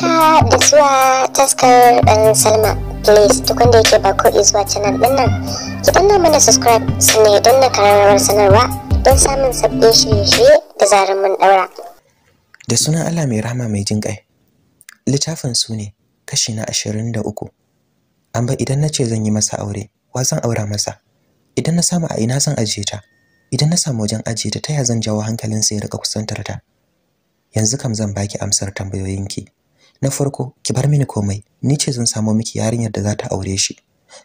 haka da zuwa taskar dan salma please duk wanda yake ba ko zuwa canal din nan ki danna mana subscribe sannan ya danna karamar sanarwa don samun sabbin shirye-shirye da zarar mun daura da sunan allah mai rahama mai jin kai littafin su ne kashi na ashirin da uku an ba idan na ce zan yi masa aure wa zan aura masa idan na samu a ina zan ajiye ta idan na samu wajen ajiye ta ta ya zan jawo hankalinsa ya rika kusantar ta yanzu kam zan baki amsar tambayoyinki na farko ki bar mini komai ni ce zan samo miki yarinyar da za ta aure shi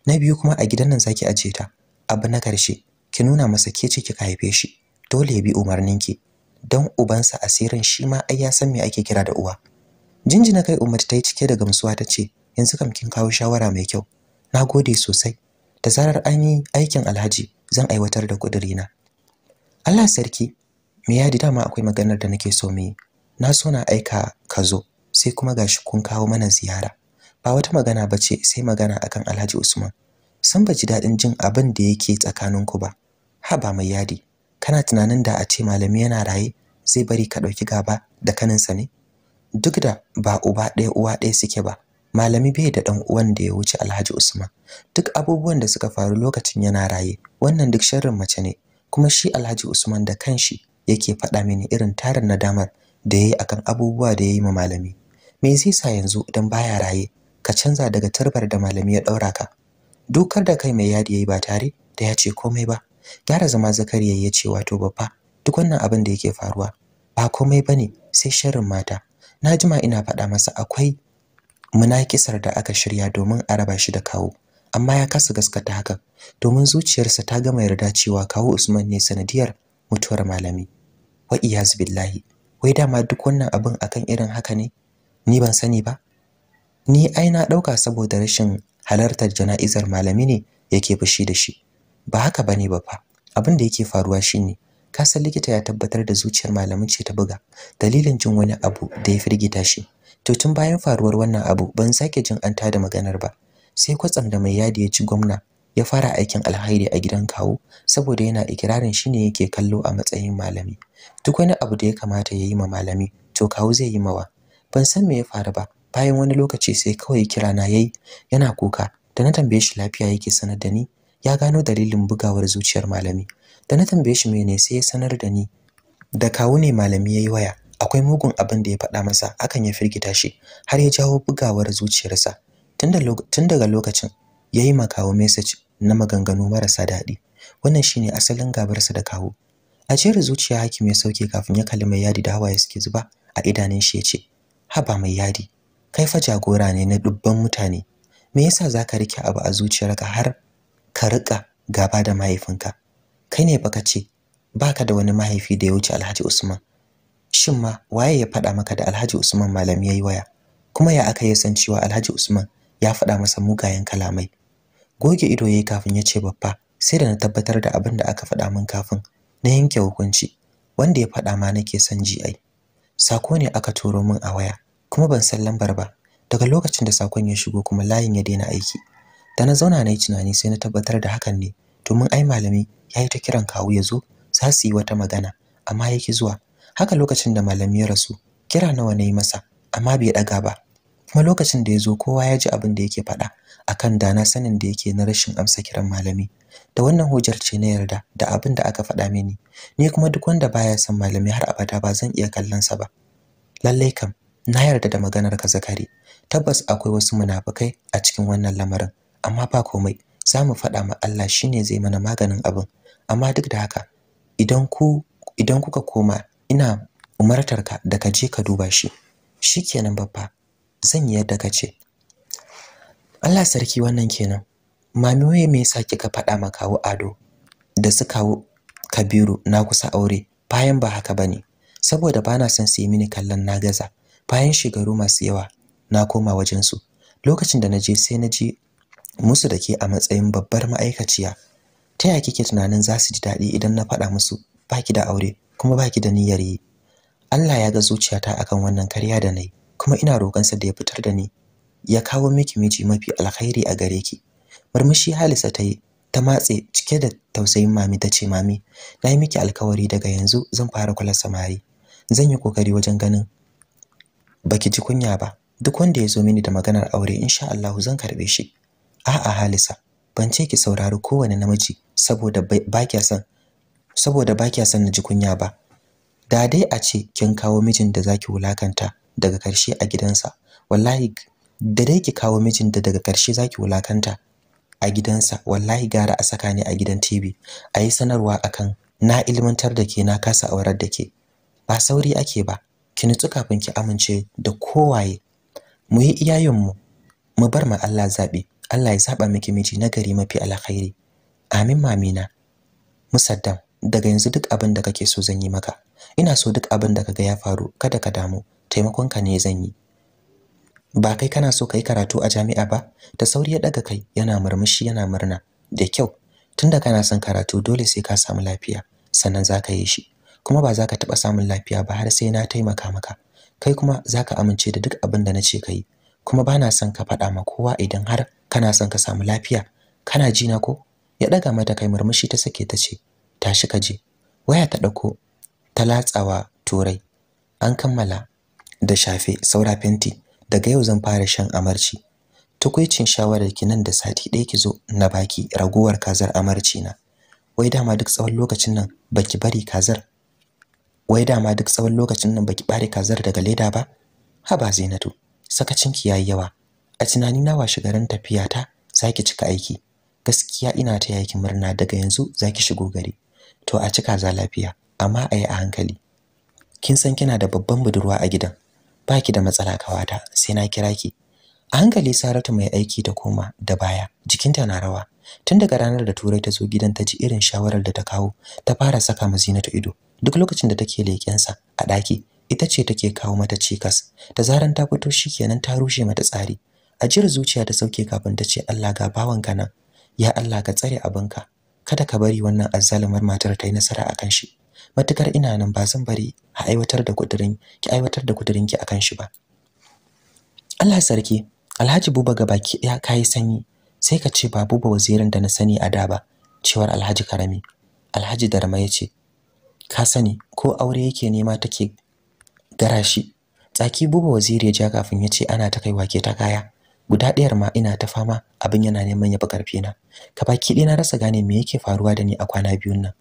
na biyu kuma a gidan nan zaki aje ta abu na karshe ki nuna masa ke ce ki haife shi dole ya bi umarninki don ubansa asirin shi ma ai ya san me ake kira da uwa jinjina kai umar ta yi cike da gamsuwa ta ce yanzu kam kin kawo shawara mai kyau na gode sosai da zarar an yi aikin alhaji zan aiwatar da kudirina Allah sarki me yadi dama akwai maganar da nake so mu yi na so na aika ka zo sai kuma gashi kun kawo mana ziyara ba wata magana bace sai magana akan Alhaji Usman san baji dadin jin abin da yake tsakanin ku ba ba mai yadi kana tunanin da a ce malami yana raye zai bari ka dauki gaba da kaninsa ne duk da ba uba ɗaya uwa ɗaya suke ba malami bai da dan uwan da ya wuce Alhaji Usman duk abubuwan da suka faru lokacin yana raye wannan duk sharrin mace ne kuma shi Alhaji Usman da kanshi yake faɗa mini irin tarin nadamar da yayi akan abubuwa da yayi ma malami me zai sa yanzu dan baya raye ka canza daga tarbar da malami ya daura ka Dukar da kai mai yadi yayi ba tare da ya ce komai ba gyara zama zakariya ya ce wato babba duk wannan abin da yake faruwa ba komai bane sai sharrin mata na jima ina faɗa masa akwai munakisar da aka shirya domin a raba shi da kawo amma ya kasa gaskata hakan domin zuciyarsa ta gama yarda cewa kawo Usman ne sanadiyar mutuwar malami wa iyaz billahi wai dama duk wannan abin akan irin haka ne ni ban sani ba ni ai na dauka saboda rashin halartar jana'izar malami ne yake fushi da shi ba haka bane ba fa abin da yake faruwa shine ka san likita ya tabbatar da zuciyar malamin ce ta buga dalilin jin wani abu da ya firgita shi to tun bayan faruwar wannan abu ban sake jin an tada maganar ba sai kwatsam da mai yadi ya ci gwamna ya fara aikin alhairi a gidan kawo saboda yana ikirarin shine yake kallo a matsayin malami duk wani abu da ya kamata ya yi ma malami to kawo zai yi mawa ban san me ya faru ba bayan wani lokaci sai kawai kira na yayi yana kuka da na tambaye shi lafiya yake sanar da ni ya gano dalilin bugawar zuciyar malami da na tambaye shi mene sai ya sanar da ni da kawu ne malami yayi waya akwai mugun abin da ya faɗa masa akan ya firgita shi har ya jawo bugawar zuciyarsa tun daga lokacin yayi makawo message na maganganu marasa daɗi wannan shine asalin gabarsa da kawu a jerin zuciya hakim ya sauke kafin ya kalli mai yadi da hawaye suke zuba a idanun shi ya ce haba mai yadi kai fa jagora ne na dubban mutane me yasa zaka rike abu a zuciyarka har ka rika gaba da mahaifinka kai ne baka ce baka da wani mahaifi da ya wuce Alhaji Usman shin ma waye ya faɗa maka da Alhaji Usman malami yayi waya kuma ya aka san cewa Alhaji Usman ya faɗa masa mugayen kalamai goge ido yayi kafin ya ce babba sai da na tabbatar da abin da aka faɗa min kafin na yanke hukunci wanda ya faɗa ma nake son ji ai sako ne aka turo min a waya kuma ban san lambar ba daga lokacin da sakon ya shigo kuma layin ya daina aiki da na zauna na yi tunani sai na tabbatar da hakan ne domin ai malami ya yi ta kiran kawu ya zo za su yi wata magana amma ya ki zuwa haka lokacin da malami ya rasu kira nawa na yi masa amma bai ɗaga ba kuma lokacin da ya zo kowa ya ji abin da yake faɗa akan dana sanin da yake na rashin amsa kiran malami da wannan hujjar ce na yarda da abin da aka faɗa mini ni kuma duk wanda baya san malami har abada ba zan iya kallon sa ba Lallai kam na yarda da maganar ka zakari tabbas akwai wasu munafukai a cikin wannan lamarin amma ba komai za mu faɗa ma Allah shine zai mana maganin abin amma duk da haka idan ku idan kuka koma ina umartarka da ka je ka duba shi shikenan babba zan yi yadda ka ce Allah sarki wannan kenan mamiye me yasa kika faɗa ma kawo ado da su kawo kabiru na kusa aure bayan ba haka bane saboda bana son su yi mini kallon na gaza bayan shigaru masu yawa na koma wajen su lokacin da naje sai naji musu da ke a matsayin babbar ma'aikaciya ta ya kike tunanin za su ji daɗi idan na faɗa musu baki da aure kuma baki da niyyar yi Allah ya ga zuciyata akan wannan karya da nayi kuma ina roƙonsa da ya fitar da ni ya kawo miki miji mafi alkhairi a gare ki murmushi halisa ta yi ta matse cike da tausayin mami ta ce mami na yi miki alkawari daga yanzu zan fara kula samari zan yi kokari wajen ganin baki ji kunya ba duk wanda ya zo mini da maganar aure insha Allah zan karbe shi a'a halisa ban ce ki saurari kowane namiji saboda ba kya son saboda ba na ji kunya ba da dai a ce kin kawo mijin da zaki wulakanta daga karshe a gidansa wallahi da dai ki kawo mijin da daga karshe zaki wulakanta a gidansa wallahi gara a saka ni a gidan TV a yi sanarwa akan na ilmantar da ke na kasa aurar da ke ba sauri ake ba ki nutsu kafin ki amince da kowaye mu yi iyayenmu mu bar ma Allah zaɓi. Allah ya saba miki miji na gari mafi alkhairi amin mamina musaddam daga yanzu duk abin da kake so zan yi maka ina so duk abin da kaga ya faru kada ka damu taimakonka ne zan yi ba kai kana so kai karatu a jami'a ba da sauri ya daga kai yana murmushi yana murna da kyau tunda kana son karatu dole sai ka samu lafiya sannan zaka yi shi kuma ba zaka taba samun lafiya ba har sai na taimaka maka kai kuma zaka amince da duk abin da nace kai kuma bana son ka faɗa ma kowa idan har kana son ka samu lafiya kana ji na ko ya daga mata kai murmushi ta sake ta ce tashi ka je waya ta dauko ta latsawa turai an kammala da shafe saura fenti daga yau zan fara shan amarci tukuicin shawarar ki nan da sati ɗaya ki zo na baki raguwar kazar amarci na wai dama duk tsawon lokacin nan baki bari kazar wai dama duk tsawon lokacin nan baki bare kazar daga leda ba haba Zainatu sakacin ki yayi yawa a tunani na shiga garin tafiya ta zaki cika aiki gaskiya ina ta yaki murna daga yanzu zaki shigo gari to a cika za lafiya amma a yi a hankali kin san kina da babban budurwa a gidan baki da matsala kawata sai na kira ki a hankali saratu mai aiki ta koma da baya jikinta na rawa tun daga ranar da turai ta zo gidan ta ji irin shawarar da ta kawo ta fara saka ma zinatu ido duk lokacin da take leƙensa a ɗaki ita ce take kawo mata cikas da zaran ta fito shikenan ta rushe mata tsari A ajiyar zuciya ta sauke kafin ta ce Allah ga bawanka nan ya Allah ka tsare abinka kada ka bari wannan azzalumar matar ta yi nasara akan shi matukar ina nan ba zan bari a aiwatar da kudirin ki aiwatar da kudirin ki akan shi ba Allah sarki Alhaji Buba gabaki ya kai sanyi sai ka ce ba Buba wazirin da na sani a da ba cewar Alhaji Karami Alhaji Darma ya ce ka sani ko aure yake nema take garashi tsaki Buba waziri ya ja kafin ya ce ana ta kai wake ta kaya guda ɗayar ma ina ta fama abin yana neman ya fi na ka baki ɗaya na rasa gane me yake faruwa da ni a kwana biyun nan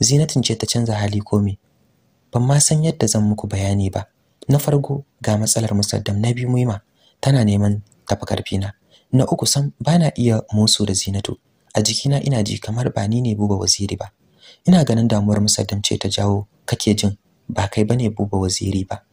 Zinatin ce ta canza hali ko me? Ban ma san yadda zan muku bayani ba. Na farko ga matsalar Musaddam na biyu Muima tana neman tafi karfina. Na uku sam bana iya musu da Zinatu. A jikina ina ji kamar ba ni ne buba waziri ba. Ina ganin damuwar Musaddam ce ta jawo kake jin ba kai bane buba waziri ba.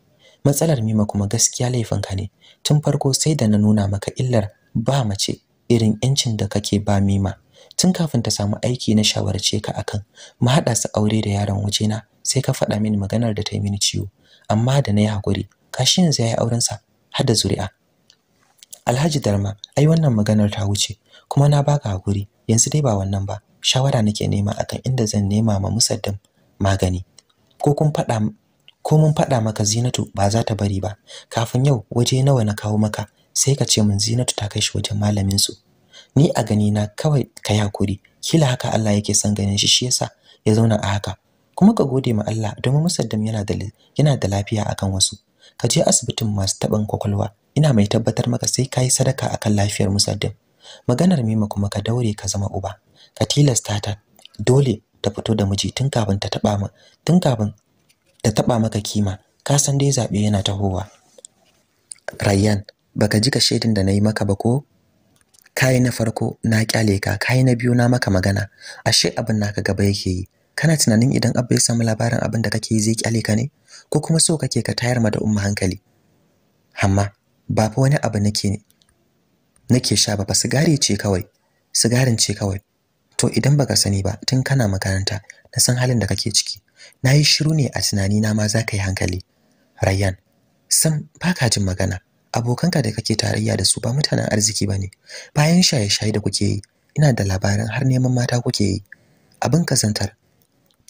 Matsalar Mima kuma gaskiya laifinka ne. Tun farko sai da na nuna maka illar ba mace irin 'yancin da kake ba Mima. tun kafin ta samu aiki na shawarce ka akan mu haɗa su aure da yaron wajena sai ka faɗa mini maganar da ta yi mini ciwo amma da na yi hakuri kashi yanzu ya yi aurensa har da zuri'a Alhaji Darma ai wannan maganar ta wuce kuma na baka hakuri yanzu dai ba wannan ba shawara nake nema akan inda zan nema ma Musaddam magani ko kun faɗa ko mun faɗa maka Zinatu ba za ta bari ba kafin yau waje nawa na kawo maka sai ka ce min Zinatu ta kai shi wajen malamin su ni a gani na kawai ka yakuri kila haka Allah yake son ganin shi shi yasa ya zauna a haka kuma ka gode ma Allah domin musaddam yana da yana da lafiya akan wasu ka je asibitin masu taban kwakwalwa ina mai tabbatar maka sai kai sadaka akan lafiyar musaddam maganar mima kuma ka daure ka zama uba ka tilasta ta dole ta fito da miji tun kafin ta taba ma tun kafin ta taba maka kima ka san dai zabe yana tahowa Rayyan baka ji ka shedin da nayi maka ba ko kai na farko na kyale ka kai na biyu na maka magana ashe abin naka gaba yake yi kana tunanin idan abba ya samu labarin abin da kake yi zai kyale ka ne ko kuma so kake ka tayar ma da umma hankali amma ba fa wani abu nake nake sha ba sigari ce kawai sigarin ce kawai to idan baka sani ba tun kana makaranta na san halin da kake ciki Na yi shiru ne a tunani na ma za ka yi hankali Rayyan sam baka jin magana abokanka da kake tarayya da su ba mutanen arziki ba ne. bayan shaye-shaye da kuke yi ina da labarin har neman mata kuke yi abin kazantar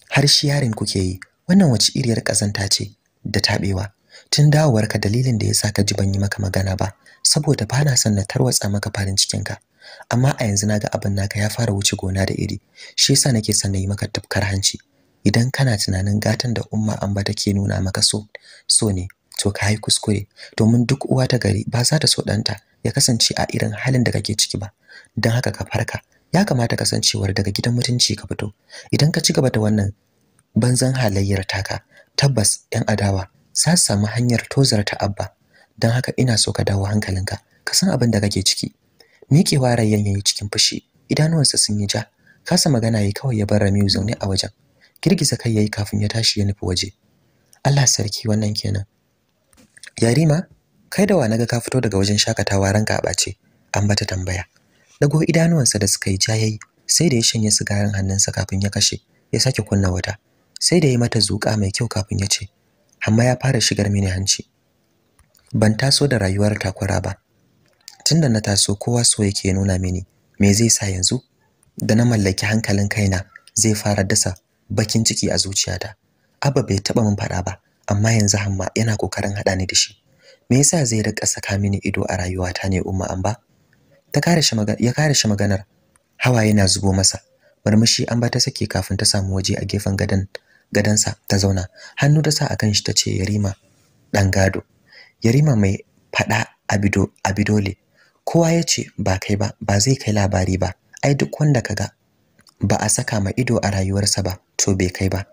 har shi yarin kuke yi wannan wace iriyar kazanta ce da tabewa tun dawowarka dalilin da ya sa ka ji ban yi maka magana ba saboda ba na son na tarwatsa maka farin cikinka amma a yanzu naga abin naka ya fara wuce gona da iri shi yasa nake son na yi maka tafkar hanci idan kana tunanin gatan da umma amba take nuna maka so so ne to ka yi kuskure domin duk uwa ta gari ba za ta so ɗanta ya kasance a irin halin da kake ciki ba don haka ka farka ya kamata ka kasancewar daga gidan mutunci ka fito idan ka ci gaba da wannan banzan halayyar taka tabbas yan adawa za su samu hanyar tozarta abba don haka ina so ka dawo hankalinka ka san abin da kake ciki miƙewa rayyan yayi cikin fushi idanuwansa sun yi ja kasa magana yayi kawai ya bar Ramiu zaune a wajen girgiza kai yayi kafin ya tashi ya nufi waje Allah sarki wannan kenan Yarima, kai da wa naga ka fito daga wajen shakatawa ranka a bace? An bata tambaya. Dago idanuwansa da suka yi jayayi, sai da ya shanye sigarin hannunsa kafin ya kashe, ya sake kunna wata. Sai da ya mata zuƙa mai kyau kafin ya ce, "Amma ya fara shigar mini hanci." Ban taso da rayuwar takura ba. Tunda na taso kowa so yake nuna mini, me zai sa yanzu da na mallaki hankalin kaina zai fara dasa bakin ciki a zuciyata. Abba bai taba min faɗa ba, amma yanzu Hamma yana kokarin hada ni da shi me yasa zai rika saka mini ido a rayuwata ne umma amba ta kare shi magana ya kare shi maganar Hawa yana zubo masa murmushi an ba ta sake kafin ta samu waje a gefen gadan gadansa ta zauna hannu ta sa akan shi ta ce yarima dan gado yarima mai fada abido abidole kowa ya ce ba kai ba ba zai kai labari ba ai duk wanda kaga ba a saka ma ido a rayuwarsa ba to bai kai ba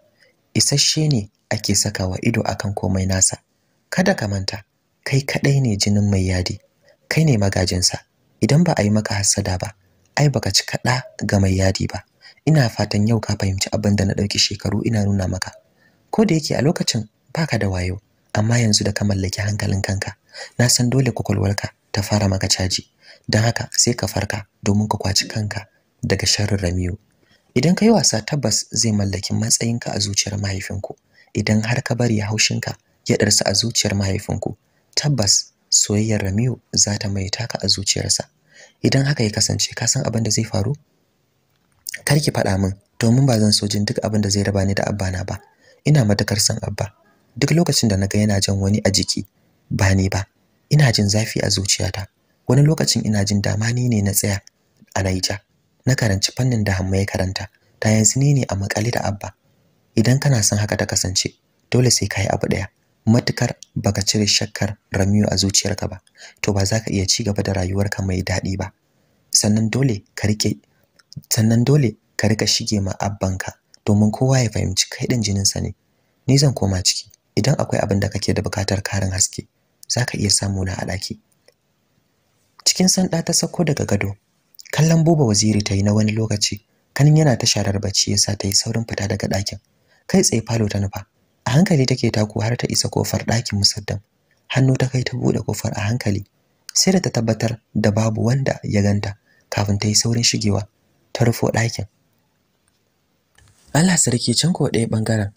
isasshe ne ake sakawa ido akan komai nasa kada ka manta kai kadai ne jinin mai yadi kai ne magajinsa idan ba a yi maka hassada ba ai baka ci kada ga mai yadi ba ina fatan yau ka fahimci abin da na dauki shekaru ina nuna maka ko da yake a lokacin baka da wayo amma yanzu da ka mallaki hankalin kanka na san dole kwakwalwarka ta fara maka caji don haka sai ka farka domin ka kwaci kanka daga sharrin Ramiyu idan ka wasa tabbas zai mallaki matsayinka a zuciyar mahaifinku idan har ka bari haushinka ya ɗarsa a zuciyar mahaifinku tabbas soyayyar Ramiu za ta mai taka a zuciyarsa idan haka ya kasance ka san abin da zai faru kar ki faɗa min domin ba zan so jin duk abin da zai raba ni da abba na ba ina matakar san abba duk lokacin da naga yana jan wani a jiki ba ni ba ina jin zafi a zuciyata wani lokacin ina jin dama ni ne na tsaya a Naija na karanci fannin da Hamma ya karanta ta yanzu ni ne a makale da Abba idan kana son haka ta kasance dole sai ka yi abu ɗaya matukar baka cire shakkar ramiyo a zuciyarka ba to ba za ka iya ci gaba da rayuwarka mai daɗi ba sannan dole ka rike sannan dole ka rika shige ma abbanka domin kowa ya fahimci kai din jininsa ne ni zan koma ciki idan akwai abin da kake da bukatar karin haske za ka iya samu na a ɗaki cikin sanda ta sako daga gado kallon buba waziri ta yi na wani lokaci kanin yana ta sharar bacci yasa ta yi saurin fita daga ɗakin kai tsaye falo ta nufa a hankali take taku har ta isa kofar ɗakin musaddam hannu ta kai ta buɗe kofar a hankali sai da ta tabbatar da babu wanda ya ganta kafin ta yi saurin shigewa ta rufo ɗakin Allah sarki can ko ɗaya ɓangaren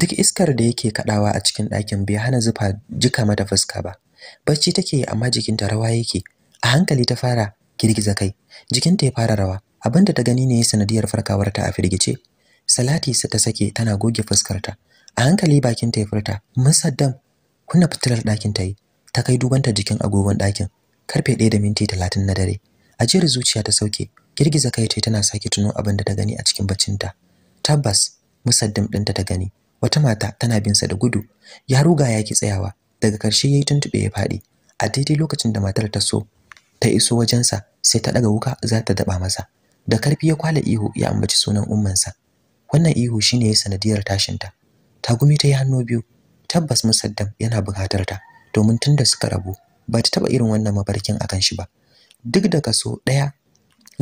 duk iskar da yake kaɗawa a cikin ɗakin bai hana zufa jika mata fuska ba bacci take amma jikinta rawa yake a hankali ta fara girgiza kai jikinta ya fara rawa abinda ta gani ne sanadiyar farkawarta a firgice salati sa ta sake tana goge fuskarta a hankali bakin ta ya furta mun saddam kunna fitilar ɗakin ta yi ta kai dubanta jikin agogon ɗakin karfe ɗaya da minti talatin na dare ajiyar zuciya ta sauke girgiza kai ta tana sake tuno abin da ta gani a cikin ta tabbas musaddam ɗinta ta gani wata mata tana bin sa da gudu ya ruga ya ki tsayawa daga ƙarshe yayi tuntube ya faɗi a daidai lokacin da matar ta so ta iso wajensa sai ta ɗaga wuka za ta daba masa da karfi ya kwala ihu ya ambaci sunan ummansa wannan ihu shine sanadiyar tashinta tagumi ta yi hannu biyu tabbas musaddam yana bukatar ta domin tunda suka rabu ba ta taba irin wannan mafarkin akan shi ba duk da kaso daya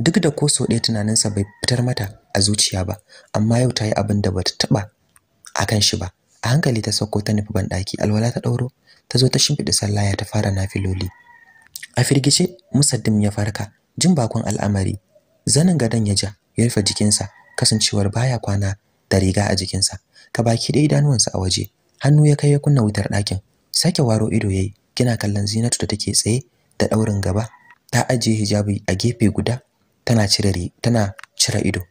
duk da koso daya tunaninsa bai fitar mata a zuciya ba amma yau ta yi abin da bata taba akan shi ba a hankali ta sauko ta nufi banɗaki alwala ta ɗauro ta zo ta shimfiɗa sallaya ta fara nafiloli a firgice musaddim ya farka jin bakon al'amari zanin gadon ya ja ya rufe jikinsa kasancewar baya kwana da riga a jikinsa ka baki da idanuwansa a waje hannu ya kai ya kunna wutar ɗakin sake waro ido yayi kina kallon Zinatu da take tsaye da ɗaurin gaba ta ajiye hijabi a gefe guda tana cire tana cire ido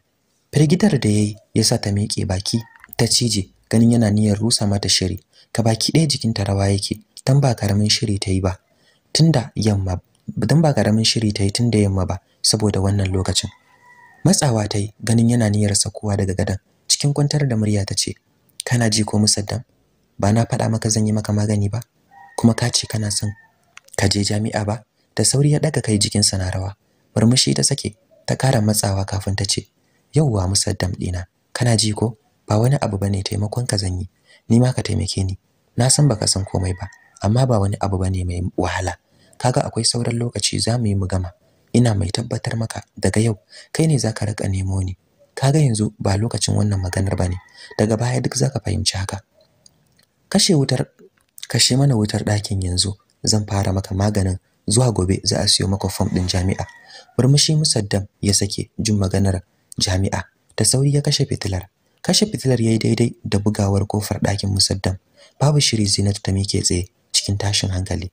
firgitar da yayi yasa ta miƙe baki ta cije ganin yana niyyar rusa mata shiri ka baki ɗaya jikinta rawa yake dan ba karamin shiri ta yi ba tunda yamma dan ba karamin shiri ta yi tunda yamma ba saboda wannan lokacin matsawa ta yi ganin yana niyyar sa kowa daga gadon cikin kwantar da murya ta ce kana ji ko musaddam ba na faɗa maka zan yi maka magani ba kuma ka ce kana son ka je jami'a ba da sauri ya ɗaga kai jikinsa na rawa murmushi ta sake ta kara matsawa kafin ta ce yauwa musaddam ɗina kana ji ko ba wani abu bane taimakon ka zan yi ni ma ka taimake ni na san baka san komai ba amma ba wani abu bane mai wahala kaga akwai sauran lokaci za mu yi mu gama ina mai tabbatar maka daga yau kai ne zaka rika nemo ni kaga yanzu ba lokacin wannan maganar bane daga baya duk zaka fahimci haka kashe wutar kashe mana wutar ɗakin yanzu zan fara maka maganin zuwa gobe za a siyo maka fom din jami'a murmushi musaddam ya sake jin maganar jami'a da sauri ya kashe fitilar kashe fitilar yayi daidai da bugawar kofar ɗakin musaddam babu shiri zinat ta mike tsaye cikin tashin hankali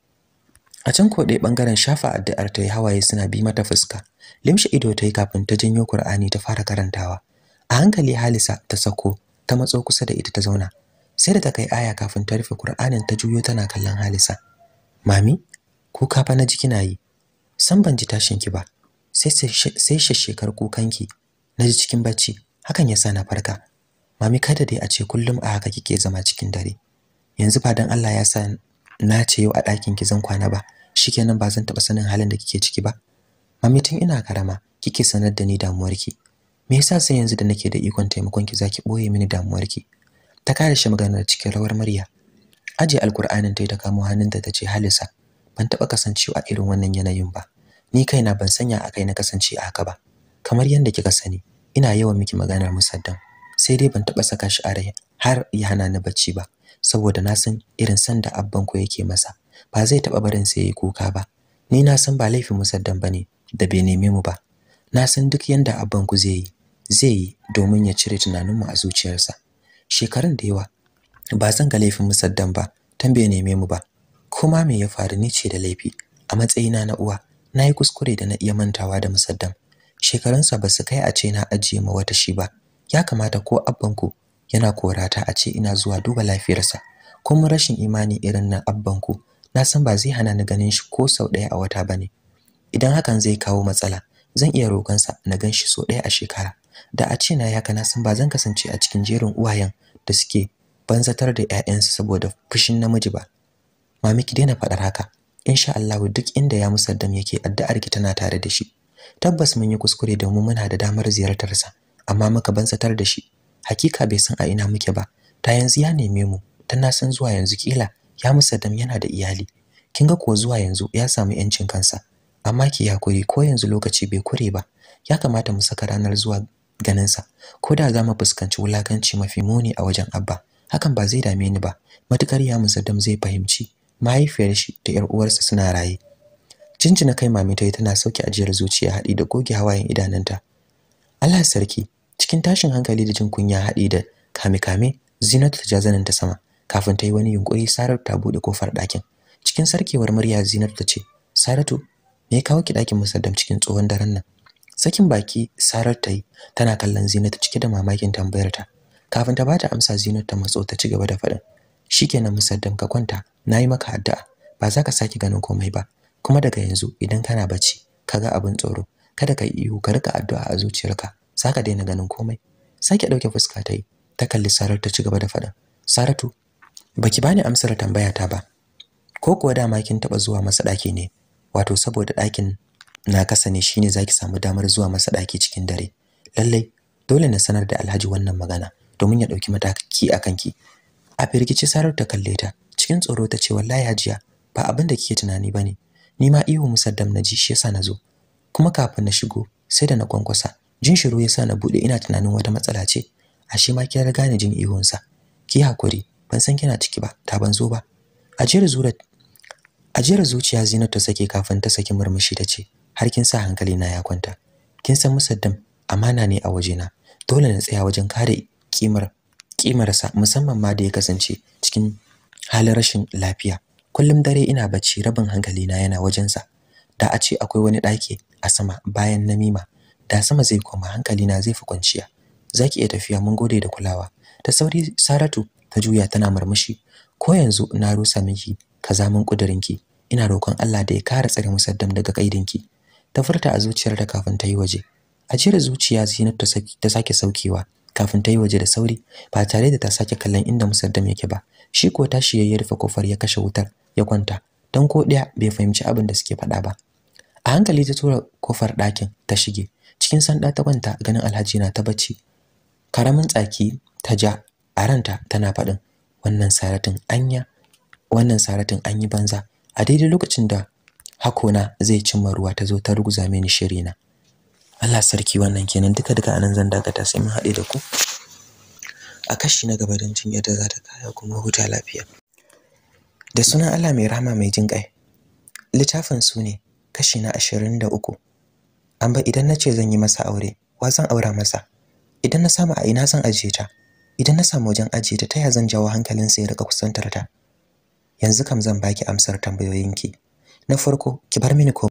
a can koɗe ɓangaren shafa addu'ar ta yi hawaye suna bi mata fuska limshe ido ta yi kafin ta janyo Kur'ani ta fara karantawa a hankali halisa ta sako ta matso kusa da ita ta zauna sai da ta kai aya kafin ta rufe Kur'anin ta juyo tana kallon halisa mami kuka fa na ji kina yi san ban ji tashin ki ba sai sai shekar kukanki na ji cikin bacci hakan yasa na farka mami kada dai a ce kullum a haka kike zama cikin dare yanzu ba dan Allah ya sa na ce yau a ɗakin ki zan kwana ba shikenan ba zan taɓa sanin halin da kike ciki ba mami tun ina karama kike sanar da ni damuwar ki. me yasa sai yanzu da nake da ikon taimakon ki zaki boye mini damuwar ki? ta kare shi maganar cikin rawar murya aje alkur'anin ta ta kamo hannunta ta ce halisa ban taɓa kasancewa a irin wannan yanayin ba ni kaina ban sanya a kai na kasance a haka ba kamar yadda kika sani ina yawan miki maganar musaddam sai dai ban taɓa saka shi a rai har ya hana ni bacci ba saboda na san irin san da abban ku yake masa ba zai taba barin sa yayi kuka ba ni na san ba laifin musaddan bane da bai neme mu ba na san duk yanda abban ku zai yi zai yi domin ya cire tunanin mu a zuciyarsa shekarun da yawa ba zan ga laifin musaddan ba tan bai neme mu ba kuma me ya faru ni ce da laifi a matsayina na uwa na yi kuskure da na iya mantawa da musaddan shekarunsa ba su kai a ce na ajiye ma wata shi ba ya kamata ko abbanku yana korata a ce ina zuwa duba lafiyarsa kuma rashin imani irin na ku na san ba zai hana ni ganin shi ko sau ɗaya a wata bane idan hakan zai kawo matsala zan iya sa na gan shi sau ɗaya a shekara da a ce na ya haka na san ba zan kasance a cikin jerin uwayen da suke banzatar da 'ya'yansu saboda fushin namiji ba mami ki daina faɗar haka insha Allah duk inda ya musaddam yake addu'ar ki tana tare da shi tabbas mun yi kuskure domin muna da damar ziyartarsa, amma muka banzatar da shi hakika bai san a ina muke ba ta yanzu ya neme mu dan na san zuwa yanzu kila ya musa yana da iyali kin ga kuwa zuwa yanzu ya samu yancin kansa amma ki yakuri ko yanzu lokaci bai kure ba ya kamata mu saka ranar zuwa ganin sa ko da za mu fuskanci wulakanci mafi muni a wajen abba hakan ba zai dame ni ba matukar ya musa zai fahimci mahaifiyar shi da yar uwarsa suna raye jinjina kai mami tayi tana sauke ajiyar zuciya haɗi da goge hawayen idananta Allah sarki cikin tashin hankali da jin kunya haɗe da kame-kame zinatu ta ja ta sama kafin ta yi wani yunƙuri, sarar ta buɗe kofar ɗakin cikin sarkewar murya zinatu ta ce saratu me ya kawo ki ɗakin musaddam cikin tsohon daren nan sakin baki sarar ta yi tana kallon zinatu cike da mamakin tambayar ta kafin ta bata amsa zinatu ta matso ta ci gaba da faɗin "Shi shikenan musaddam ka kwanta na yi maka addu'a ba za ka sake ganin komai ba kuma daga yanzu idan kana bacci ka ga abin tsoro kada ka yi ihu ka rika addu'a a zuciyarka saka daina ganin komai sake dauke fuska ta yi ta kalli Saratu ta ci gaba da fada Saratu baki bani amsar tambaya ta ba ko kuwa dama kin taba zuwa masa daki ne wato saboda dakin na kasa ne shine zaki samu damar zuwa masa daki cikin dare lallai dole na sanar da Alhaji wannan magana domin ya dauki mataki akan ki a firgici Saratu ta kalle ta cikin tsoro ta ce wallahi Hajiya ba abin da kike tunani bane ni ma ihu musaddam na ji shi yasa na zo kuma kafin na shigo sai da na kwankwasa jin shiru ya sa na bude ina tunanin wata matsala ce ashe ma kin riga ni jin ihun sa ki hakuri ban san kina ciki ba ta ban zo ba ajiyar zurat ajiyar zuciya Zinatu ta sake kafin ta saki murmushi ta ce har kin sa hankali na ya kwanta kin san musaddam amana ne a wajena dole na tsaya wajen kare kimar sa musamman ma da ya kasance cikin halin rashin lafiya kullum dare ina bacci rabin hankali na yana wajensa da a ce akwai wani daki a sama bayan namima da sama zai koma hankali na zai fi kwanciya zaki iya tafiya mun gode da kulawa ta sauri saratu ta juya tana murmushi ko yanzu na rusa miki kaza mun kudirinki ina roƙon Allah da ya kare tsare musaddam daga kaidinki ta furta a zuciyar ta kafin ta yi waje a jira zuciya Zinat ta ta sake saukewa kafin ta yi waje da sauri ba tare da ta sake kallon inda musaddam yake ba shi ko tashi ya rufe kofar ya kashe wutar ya kwanta dan ko daya bai fahimci abin da suke faɗa ba a hankali ta tura kofar ɗakin ta shige cikin sanda ta kwanta ganin alhaji na ta bacci karamin tsaki ta ja a ranta tana faɗin wannan saratin anya wannan saratin an banza a daidai lokacin da hakona zai cimma ruwa ta zo ta ruguza mini na. Allah sarki wannan kenan duka duka anan zan dakata sai mun haɗe da ku a kashi na gaba don jin yadda za ta kaya kuma huta lafiya da sunan Allah mai rahama mai jin ƙai littafin su ne kashi na ashirin da uku. amma idan na ce zan yi masa aure wa zan aura masa idan na samu a ina zan ajiye ta idan na samu wajen ajiye ta taya zan jawo hankalinsa ya rika kusantar ta yanzu kam zan baki amsar tambayoyinki na farko ki bar mini ko